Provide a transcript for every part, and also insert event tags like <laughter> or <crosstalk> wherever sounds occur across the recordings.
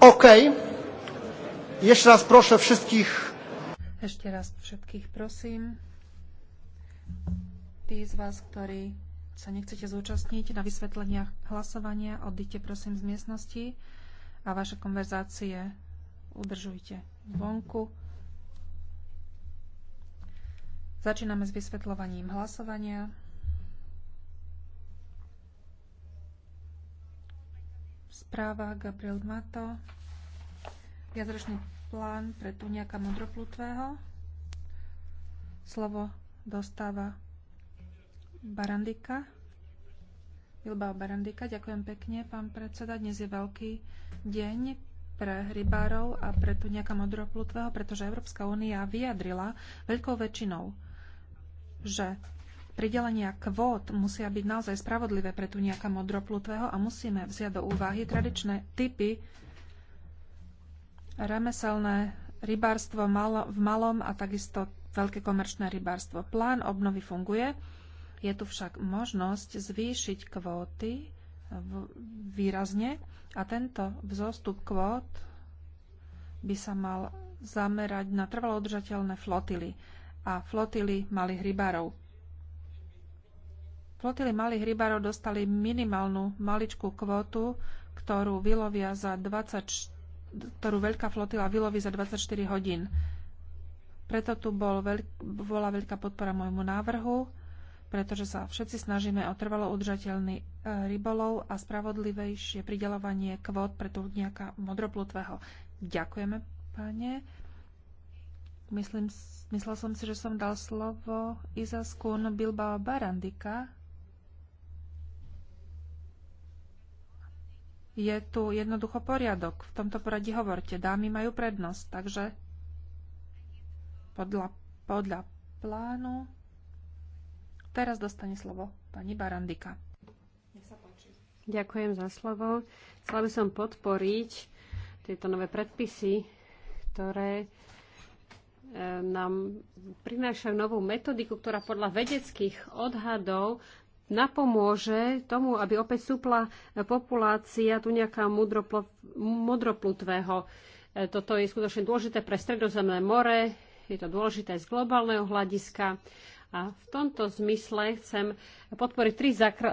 OK. Ešte raz všetkých. Ešte raz všetkých prosím. Tí z vás, ktorí sa nechcete zúčastniť na vysvetleniach hlasovania, odíďte prosím z miestnosti a vaše konverzácie udržujte vonku. Začíname s vysvetľovaním hlasovania. Správa Gabriel Mato. jazročný plán pre tuniaka modroplutvého. Slovo dostáva Barandika. Bilbao Barandika. Ďakujem pekne, pán predseda. Dnes je veľký deň pre rybárov a pre tuniaka modroplutvého, pretože Európska únia vyjadrila veľkou väčšinou, že pridelenia kvót musia byť naozaj spravodlivé pre tu nejaká modroplutvého a musíme vziať do úvahy tradičné typy remeselné rybárstvo malo, v malom a takisto veľké komerčné rybárstvo. Plán obnovy funguje, je tu však možnosť zvýšiť kvóty v, výrazne a tento vzostup kvót by sa mal zamerať na trvalo udržateľné flotily a flotily malých rybárov. Flotily malých rybárov dostali minimálnu maličkú kvótu, ktorú vylovia za 20, ktorú veľká flotila vyloví za 24 hodín. Preto tu bol veľk, bola veľká podpora môjmu návrhu, pretože sa všetci snažíme o trvalo udržateľný e, rybolov a spravodlivejšie pridelovanie kvót pre nejaká modroplutvého. Ďakujeme, pane. Myslím, myslel som si, že som dal slovo Izaskun Bilbao Barandika, je tu jednoducho poriadok. V tomto poradí hovorte. Dámy majú prednosť, takže podľa, podľa plánu. Teraz dostane slovo pani Barandika. Ďakujem za slovo. Chcela by som podporiť tieto nové predpisy, ktoré e, nám prinášajú novú metodiku, ktorá podľa vedeckých odhadov napomôže tomu, aby opäť súpla populácia tu nejaká modroplutvého. E, toto je skutočne dôležité pre Stredozemné more, je to dôležité z globálneho hľadiska a v tomto zmysle chcem podporiť tri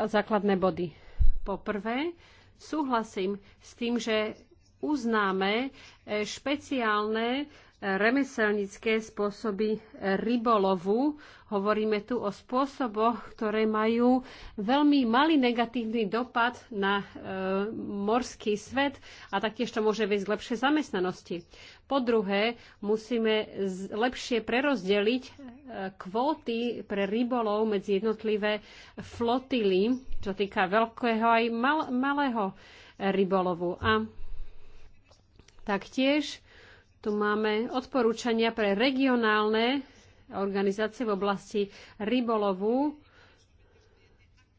základné body. Po prvé, súhlasím s tým, že uznáme e, špeciálne Remeselnické spôsoby rybolovu. Hovoríme tu o spôsoboch, ktoré majú veľmi malý negatívny dopad na e, morský svet a taktiež to môže viesť k lepšej zamestnanosti. Po druhé, musíme lepšie prerozdeliť e, kvóty pre rybolov medzi jednotlivé flotily, čo týka veľkého aj mal, malého rybolovu. A taktiež tu máme odporúčania pre regionálne organizácie v oblasti rybolovu.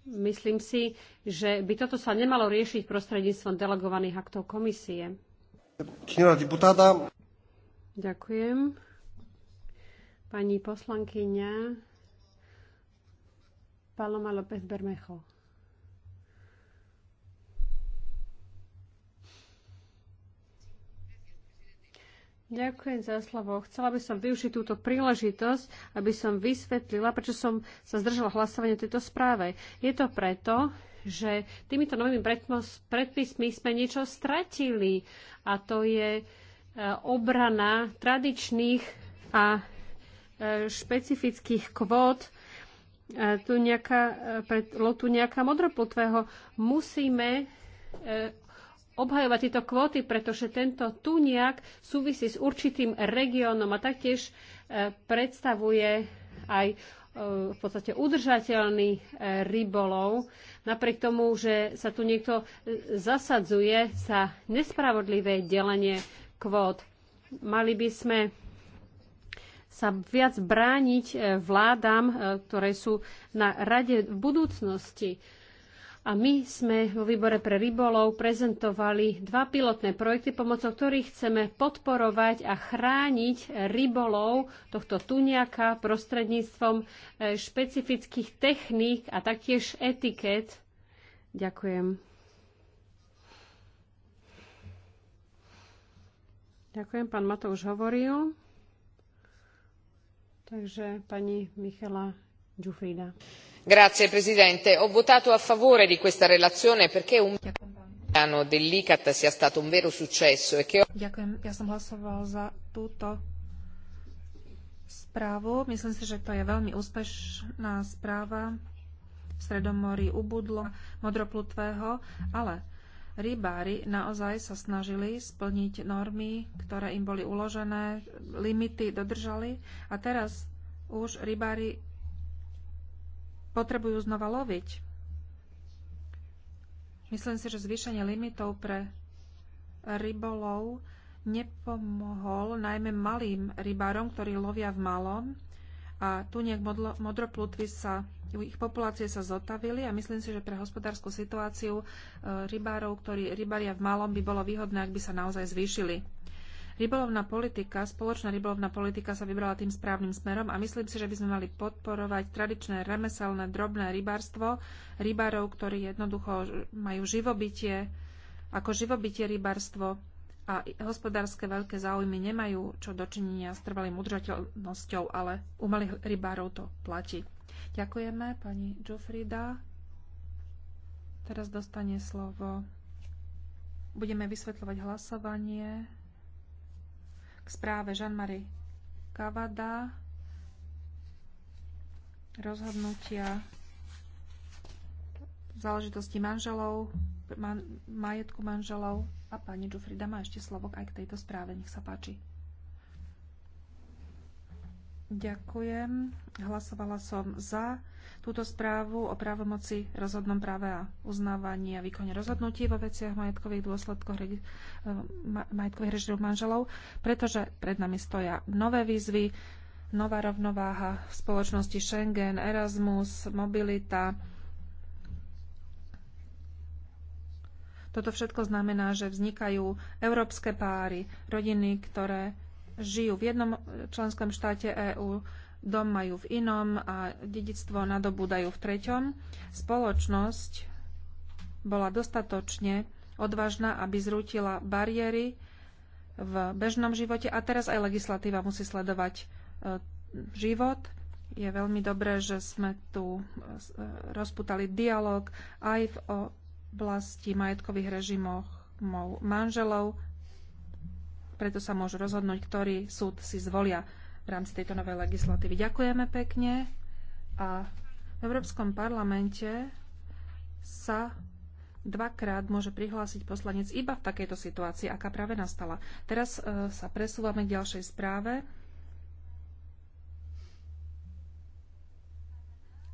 Myslím si, že by toto sa nemalo riešiť prostredníctvom delegovaných aktov komisie. Ďakujem. Pani poslankyňa Paloma López Bermejo. Ďakujem za slovo. Chcela by som využiť túto príležitosť, aby som vysvetlila, prečo som sa zdržala hlasovanie tejto správe. Je to preto, že týmito novými predpismi sme niečo stratili a to je e, obrana tradičných a e, špecifických kvót e, tu nejaká, pre lotu nejaká modroplotvého. Musíme obhajovať tieto kvóty, pretože tento tu nejak súvisí s určitým regiónom a taktiež e, predstavuje aj e, v podstate udržateľný e, rybolov. Napriek tomu, že sa tu niekto zasadzuje sa nespravodlivé delenie kvót. Mali by sme sa viac brániť vládam, ktoré sú na rade v budúcnosti. A my sme vo výbore pre rybolov prezentovali dva pilotné projekty, pomocou ktorých chceme podporovať a chrániť rybolov tohto tuniaka prostredníctvom e, špecifických techník a taktiež etiket. Ďakujem. Ďakujem, pán Mato už hovoril. Takže pani Michala Džufrida signor presidente onorevoli colleghi ho votato a favore di questa relazione perché un piano dell'iccat sia stato un vero successo e che. ďakujem myslím si že to je veľmi úspešná správa. v ubudlo modroplutvého ale rybári naozaj sa snažili splniť normy ktoré im boli uložené limity dodržali a teraz už rybári potrebujú znova loviť. Myslím si, že zvýšenie limitov pre rybolov nepomohol najmä malým rybárom, ktorí lovia v malom. A tu nejak modroplutvy sa, ich populácie sa zotavili a myslím si, že pre hospodárskú situáciu e, rybárov, ktorí rybaria v malom, by bolo výhodné, ak by sa naozaj zvýšili. Rybolovná politika, spoločná rybolovná politika sa vybrala tým správnym smerom a myslím si, že by sme mali podporovať tradičné remeselné drobné rybárstvo, rybárov, ktorí jednoducho majú živobytie, ako živobytie rybárstvo a hospodárske veľké záujmy nemajú čo dočinenia s trvalým udržateľnosťou, ale u malých rybárov to platí. Ďakujeme pani Jofrida. Teraz dostane slovo. Budeme vysvetľovať hlasovanie k správe Jean-Marie Kavada rozhodnutia záležitosti manželov, man, majetku manželov a pani Jufrida má ešte slovo aj k tejto správe. Nech sa páči. Ďakujem. Hlasovala som za túto správu o právomoci rozhodnom práve a uznávaní a výkone rozhodnutí vo veciach majetkových dôsledkov eh, majetkových režimov manželov, pretože pred nami stoja nové výzvy, nová rovnováha v spoločnosti Schengen, Erasmus, mobilita. Toto všetko znamená, že vznikajú európske páry, rodiny, ktoré žijú v jednom členskom štáte EÚ, dom majú v inom a dedictvo nadobúdajú v treťom. Spoločnosť bola dostatočne odvážna, aby zrútila bariéry v bežnom živote a teraz aj legislatíva musí sledovať e, život. Je veľmi dobré, že sme tu e, rozputali dialog aj v oblasti majetkových režimov manželov preto sa môžu rozhodnúť, ktorý súd si zvolia v rámci tejto novej legislatívy. Ďakujeme pekne a v Európskom parlamente sa dvakrát môže prihlásiť poslanec iba v takejto situácii, aká práve nastala. Teraz e, sa presúvame k ďalšej správe.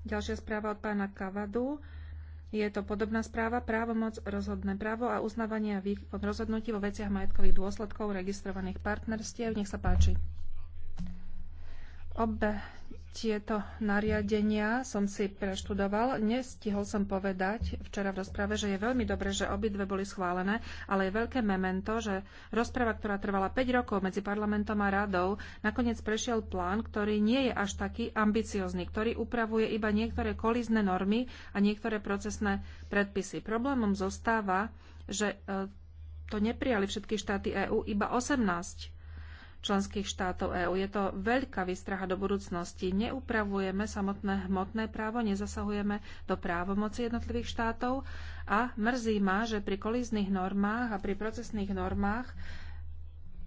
Ďalšia správa od pána Kavadu. Je to podobná správa, právomoc, rozhodné právo a uznávanie a výkon rozhodnutí vo veciach majetkových dôsledkov registrovaných partnerstiev. Nech sa páči. Obe tieto nariadenia som si preštudoval. Nestihol som povedať včera v rozprave, že je veľmi dobré, že obidve boli schválené, ale je veľké memento, že rozprava, ktorá trvala 5 rokov medzi parlamentom a radou, nakoniec prešiel plán, ktorý nie je až taký ambiciozný, ktorý upravuje iba niektoré kolízne normy a niektoré procesné predpisy. Problémom zostáva, že e, to neprijali všetky štáty EÚ, iba 18 členských štátov EÚ. Je to veľká výstraha do budúcnosti. Neupravujeme samotné hmotné právo, nezasahujeme do právomoci jednotlivých štátov a mrzí ma, že pri kolíznych normách a pri procesných normách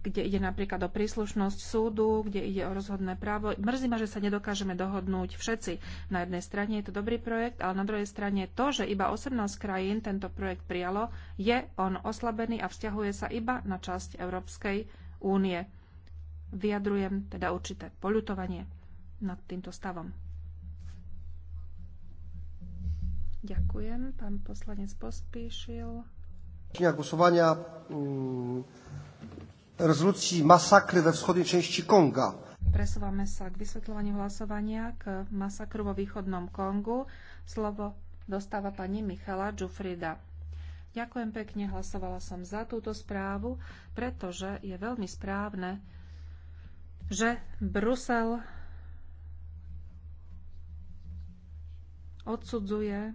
kde ide napríklad o príslušnosť súdu, kde ide o rozhodné právo. Mrzí ma, že sa nedokážeme dohodnúť všetci. Na jednej strane je to dobrý projekt, ale na druhej strane to, že iba 18 krajín tento projekt prijalo, je on oslabený a vzťahuje sa iba na časť Európskej únie vyjadrujem teda určité poľutovanie nad týmto stavom. Ďakujem. Pán poslanec pospíšil. Głosowania mm, rezolucji masakry ve vschodnej części Konga. Presúvame sa k vysvetľovaniu hlasovania k masakru vo východnom Kongu. Slovo dostáva pani Michala Džufrida. Ďakujem pekne, hlasovala som za túto správu, pretože je veľmi správne, že Brusel odsudzuje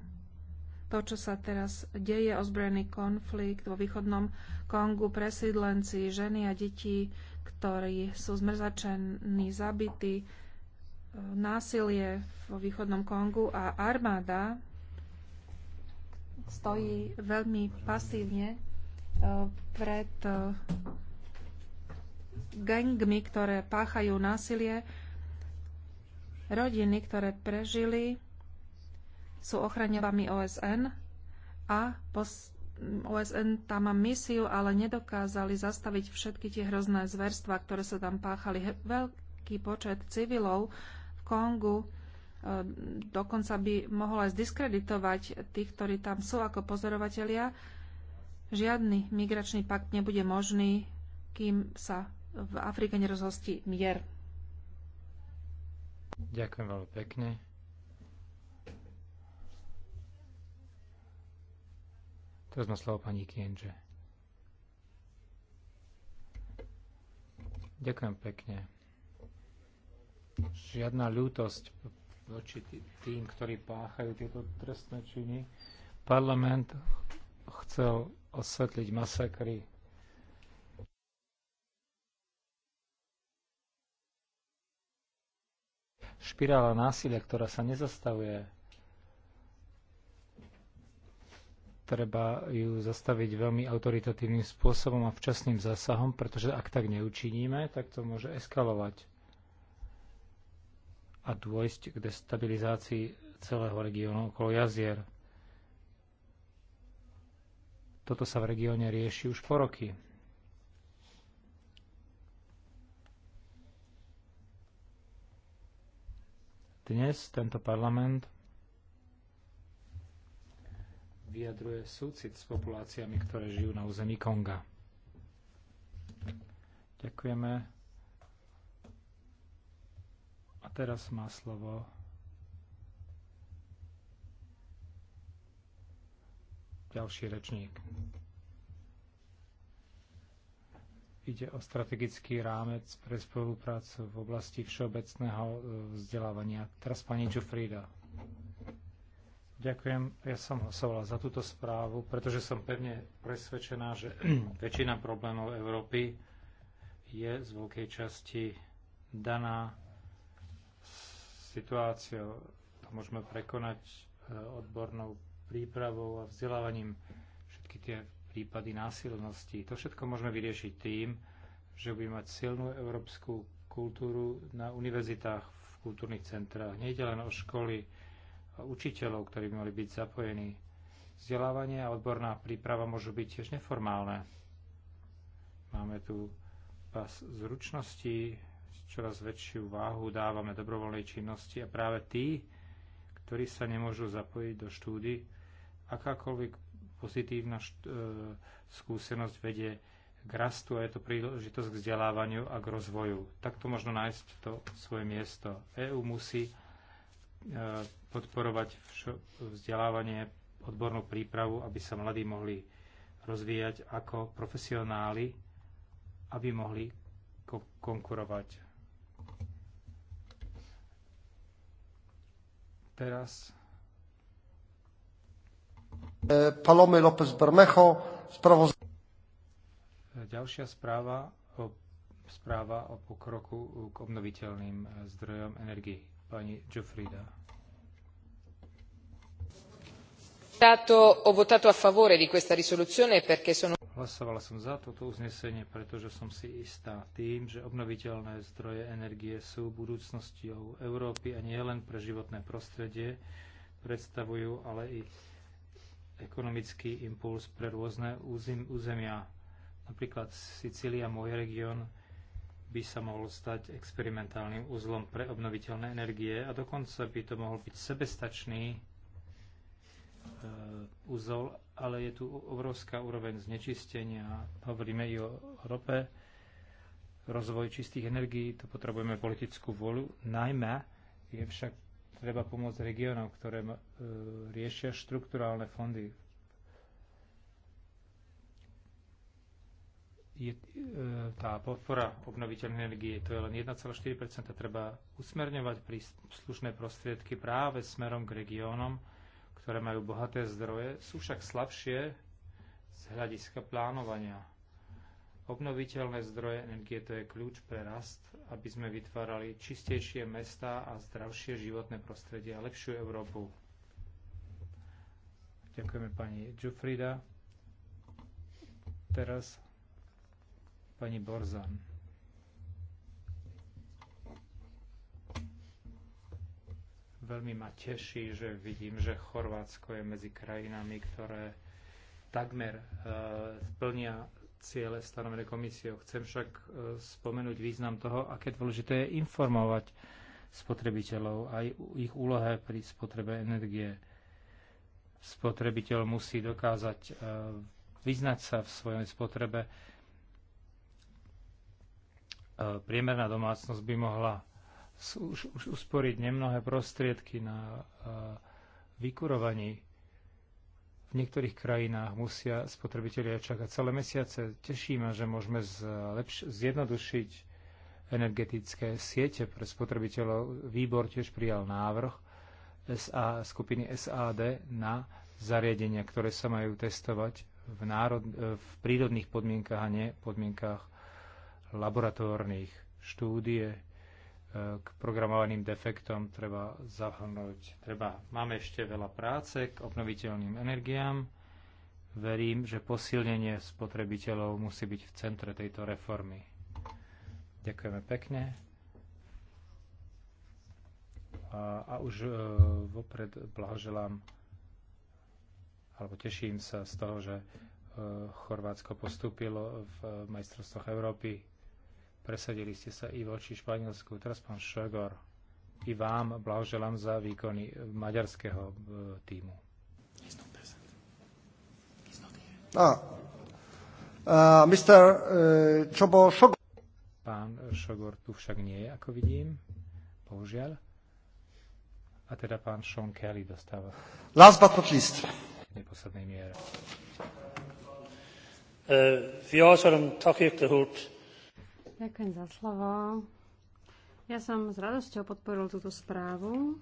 to, čo sa teraz deje, ozbrojený konflikt vo východnom Kongu, presídlenci, ženy a deti, ktorí sú zmrzačení, zabití, e, násilie vo východnom Kongu a armáda stojí veľmi pasívne e, pred e, gangmi, ktoré páchajú násilie. Rodiny, ktoré prežili, sú ochraňovami OSN a OSN tam má misiu, ale nedokázali zastaviť všetky tie hrozné zverstva, ktoré sa tam páchali. Veľký počet civilov v Kongu e, dokonca by mohol aj zdiskreditovať tých, ktorí tam sú ako pozorovatelia. Žiadny migračný pakt nebude možný, kým sa v Afrike nerozhostí mier. Ďakujem veľmi pekne. Teraz má slovo pani Kienže. Ďakujem pekne. Žiadna ľútosť voči tým, ktorí páchajú tieto trestné činy. Parlament chcel osvetliť masakry špirála násilia, ktorá sa nezastavuje. Treba ju zastaviť veľmi autoritatívnym spôsobom a včasným zásahom, pretože ak tak neučiníme, tak to môže eskalovať a dôjsť k destabilizácii celého regiónu okolo jazier. Toto sa v regióne rieši už po roky. Dnes tento parlament vyjadruje súcit s populáciami, ktoré žijú na území Konga. Ďakujeme. A teraz má slovo ďalší rečník. Ide o strategický rámec pre spoluprácu v oblasti všeobecného e, vzdelávania. Teraz pani Čufrída. Ďakujem. Ja som hlasovala za túto správu, pretože som pevne presvedčená, že <clears throat> väčšina problémov Európy je z veľkej časti daná situáciou. To môžeme prekonať e, odbornou prípravou a vzdelávaním. Všetky tie prípady násilnosti. To všetko môžeme vyriešiť tým, že budeme mať silnú európsku kultúru na univerzitách, v kultúrnych centrách. Nejde len o školy, a učiteľov, ktorí by mali byť zapojení. Vzdelávanie a odborná príprava môžu byť tiež neformálne. Máme tu pas zručnosti, čoraz väčšiu váhu dávame dobrovoľnej činnosti a práve tí, ktorí sa nemôžu zapojiť do štúdy, akákoľvek pozitívna št- e, skúsenosť vedie k rastu a je to príležitosť k vzdelávaniu a k rozvoju. Takto možno nájsť to svoje miesto. EÚ musí e, podporovať vzdelávanie, odbornú prípravu, aby sa mladí mohli rozvíjať ako profesionáli, aby mohli ko- konkurovať. Teraz E, Palome López Bermejo, spravoz... Ďalšia správa o, správa o pokroku k obnoviteľným zdrojom energii. Pani Jofrida. Hlasovala som za toto uznesenie, pretože som si istá tým, že obnoviteľné zdroje energie sú budúcnosťou Európy a nie len pre životné prostredie, predstavujú ale i ekonomický impuls pre rôzne územia. Napríklad Sicília, môj región, by sa mohol stať experimentálnym uzlom pre obnoviteľné energie a dokonca by to mohol byť sebestačný e, úzol, ale je tu obrovská úroveň znečistenia. Hovoríme i o Európe. rozvoj čistých energií, to potrebujeme politickú vôľu. Najmä je však treba pomôcť regiónom, ktoré e, riešia štrukturálne fondy. Je, e, tá podpora obnoviteľnej energie, to je len 1,4%, treba usmerňovať príslušné prostriedky práve smerom k regiónom, ktoré majú bohaté zdroje, sú však slabšie z hľadiska plánovania. Obnoviteľné zdroje energie to je kľúč pre rast, aby sme vytvárali čistejšie mestá a zdravšie životné prostredie a lepšiu Európu. Ďakujeme pani Jufrida. Teraz pani Borzan. Veľmi ma teší, že vidím, že Chorvátsko je medzi krajinami, ktoré takmer uh, splnia ciele stanovené komisiou. Chcem však e, spomenúť význam toho, aké dôležité je informovať spotrebiteľov aj ich úlohe pri spotrebe energie. Spotrebiteľ musí dokázať e, vyznať sa v svojej spotrebe. E, priemerná domácnosť by mohla usporiť nemnohé prostriedky na vykurovaní v niektorých krajinách musia spotrebitelia čakať celé mesiace. Teší ma, že môžeme zlepš- zjednodušiť energetické siete pre spotrebiteľov. Výbor tiež prijal návrh SA, skupiny SAD na zariadenia, ktoré sa majú testovať v, národ, v prírodných podmienkach a nie podmienkach laboratórnych štúdie k programovaným defektom treba zahrnúť. Treba, máme ešte veľa práce k obnoviteľným energiám. Verím, že posilnenie spotrebiteľov musí byť v centre tejto reformy. Ďakujeme pekne. A, a už e, vopred blahoželám alebo teším sa z toho, že e, Chorvátsko postúpilo v e, majstrovstvách Európy Presadili ste sa i voči Španielsku. Teraz pán Šegor, i vám blahoželám za výkony maďarského e, týmu. Ah. Uh, Mr. Uh, Čobo Šogor. Pán Šogor tu však nie je, ako vidím. Bohužiaľ. A teda pán Sean Kelly dostáva. Last but not least. V neposlednej miere. Uh, vi har som Ďakujem za slovo. Ja som s radosťou podporil túto správu,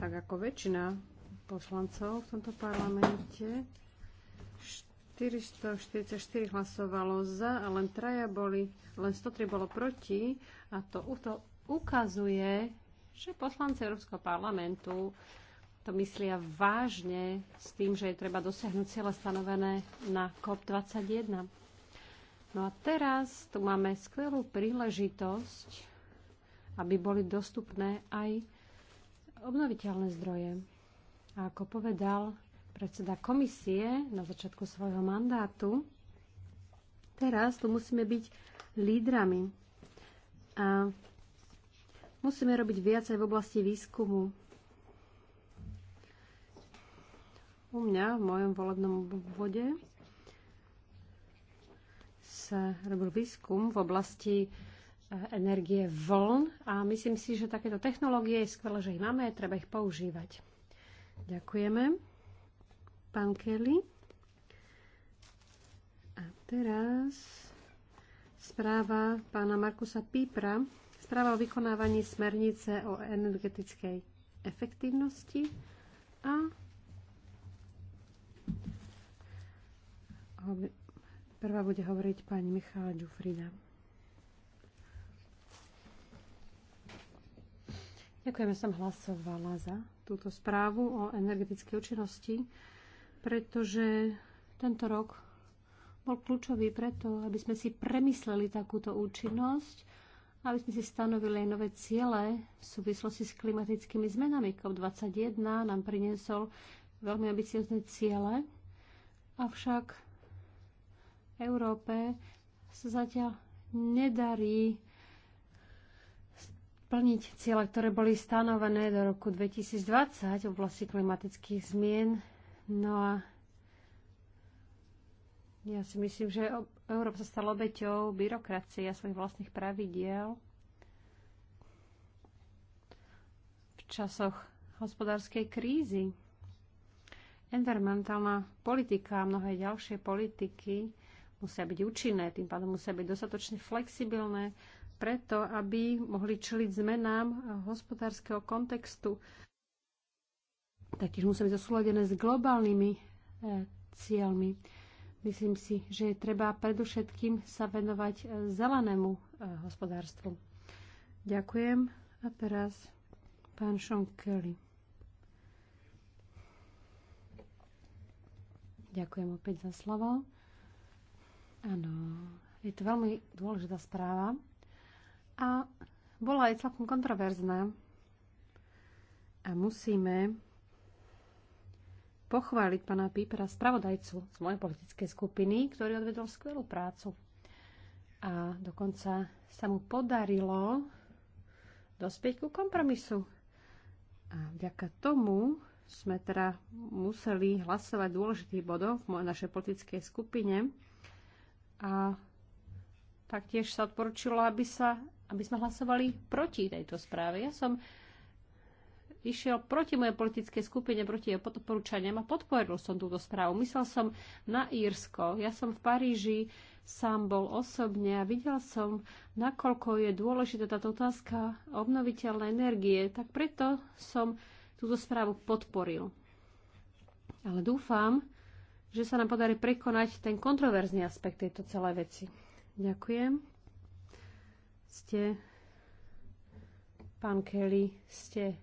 tak ako väčšina poslancov v tomto parlamente. 444 hlasovalo za a len traja boli, len 103 bolo proti a to, to ukazuje, že poslanci Európskeho parlamentu to myslia vážne s tým, že je treba dosiahnuť cieľe stanovené na COP21. No a teraz tu máme skvelú príležitosť, aby boli dostupné aj obnoviteľné zdroje. A ako povedal predseda komisie na začiatku svojho mandátu, teraz tu musíme byť lídrami. A musíme robiť viac aj v oblasti výskumu, u mňa v mojom volebnom obvode sa robil výskum v oblasti e, energie vln a myslím si, že takéto technológie je skvelé, že ich máme a treba ich používať. Ďakujeme. Pán Kelly. A teraz správa pána Markusa Pípra. Správa o vykonávaní smernice o energetickej efektívnosti a Prvá bude hovoriť pani Michála Ďufrida. Ďakujem, ja som hlasovala za túto správu o energetickej účinnosti, pretože tento rok bol kľúčový preto, aby sme si premysleli takúto účinnosť, aby sme si stanovili aj nové ciele v súvislosti s klimatickými zmenami. COP21 nám priniesol veľmi ambiciozne ciele, avšak Európe sa zatiaľ nedarí splniť ciele, ktoré boli stanovené do roku 2020 v oblasti klimatických zmien. No a ja si myslím, že Európa sa stala obeťou byrokracie a svojich vlastných pravidiel. V časoch hospodárskej krízy environmentálna politika a mnohé ďalšie politiky musia byť účinné, tým pádom musia byť dostatočne flexibilné, preto aby mohli čeliť zmenám hospodárskeho kontextu. Taktiež musia byť zosúladené s globálnymi e, cieľmi. Myslím si, že je treba predovšetkým sa venovať e, zelenému e, hospodárstvu. Ďakujem. A teraz pán Sean Kelly. Ďakujem opäť za slovo. Áno, je to veľmi dôležitá správa a bola aj celkom kontroverzná. A musíme pochváliť pána Pípera, spravodajcu z mojej politickej skupiny, ktorý odvedol skvelú prácu. A dokonca sa mu podarilo dospieť ku kompromisu. A vďaka tomu sme teda museli hlasovať dôležitých bodov v našej politickej skupine. A taktiež sa odporučilo, aby, sa, aby sme hlasovali proti tejto správe. Ja som išiel proti mojej politickej skupine, proti jej podporúčaniam a podporil som túto správu. Myslel som na Írsko. Ja som v Paríži sám bol osobne a videl som, nakoľko je dôležitá táto otázka obnoviteľnej energie, tak preto som túto správu podporil. Ale dúfam, že sa nám podarí prekonať ten kontroverzný aspekt tejto celej veci. Ďakujem. Ste, pán Kelly, ste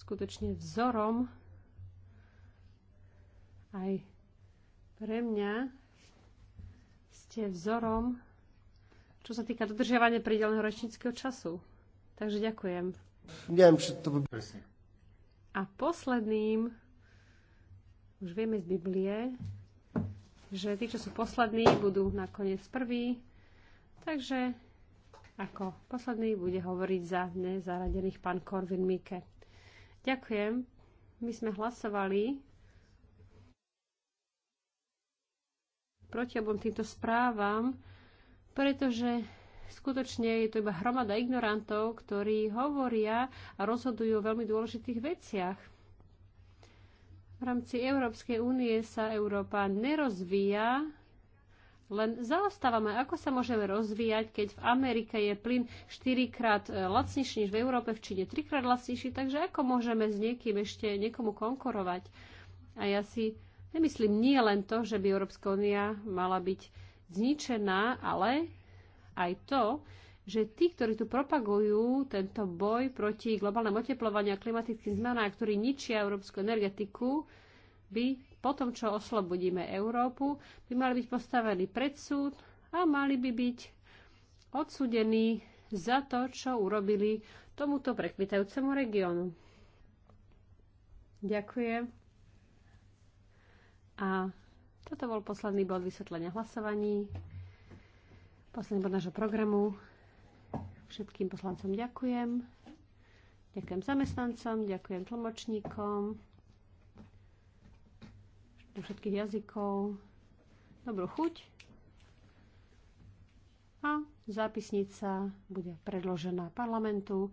skutočne vzorom aj pre mňa. Ste vzorom, čo sa týka dodržiavania prídelného ročníckého času. Takže ďakujem. Neviem, či to by... Presne. A posledným, už vieme z Biblie, že tí, čo sú poslední, budú nakoniec prví. Takže ako posledný bude hovoriť za dne zaradených pán Korvin Mike. Ďakujem. My sme hlasovali proti obom týmto správam, pretože skutočne je to iba hromada ignorantov, ktorí hovoria a rozhodujú o veľmi dôležitých veciach. V rámci Európskej únie sa Európa nerozvíja, len zaostávame. Ako sa môžeme rozvíjať, keď v Amerike je plyn 4 krát e, lacnejší než v Európe, v Číne 3 krát lacnejší, takže ako môžeme s niekým ešte niekomu konkurovať? A ja si nemyslím nie len to, že by Európska únia mala byť zničená, ale aj to, že tí, ktorí tu propagujú tento boj proti globálnemu oteplovaniu a klimatickým zmenám, ktorí ničia európsku energetiku, by po tom, čo oslobodíme Európu, by mali byť postavení pred súd a mali by byť odsudení za to, čo urobili tomuto prekvitajúcemu regiónu. Ďakujem. A toto bol posledný bod vysvetlenia hlasovaní, posledný bod nášho programu. Všetkým poslancom ďakujem. Ďakujem zamestnancom, ďakujem tlmočníkom do všetkých jazykov. Dobrú chuť. A zápisnica bude predložená parlamentu.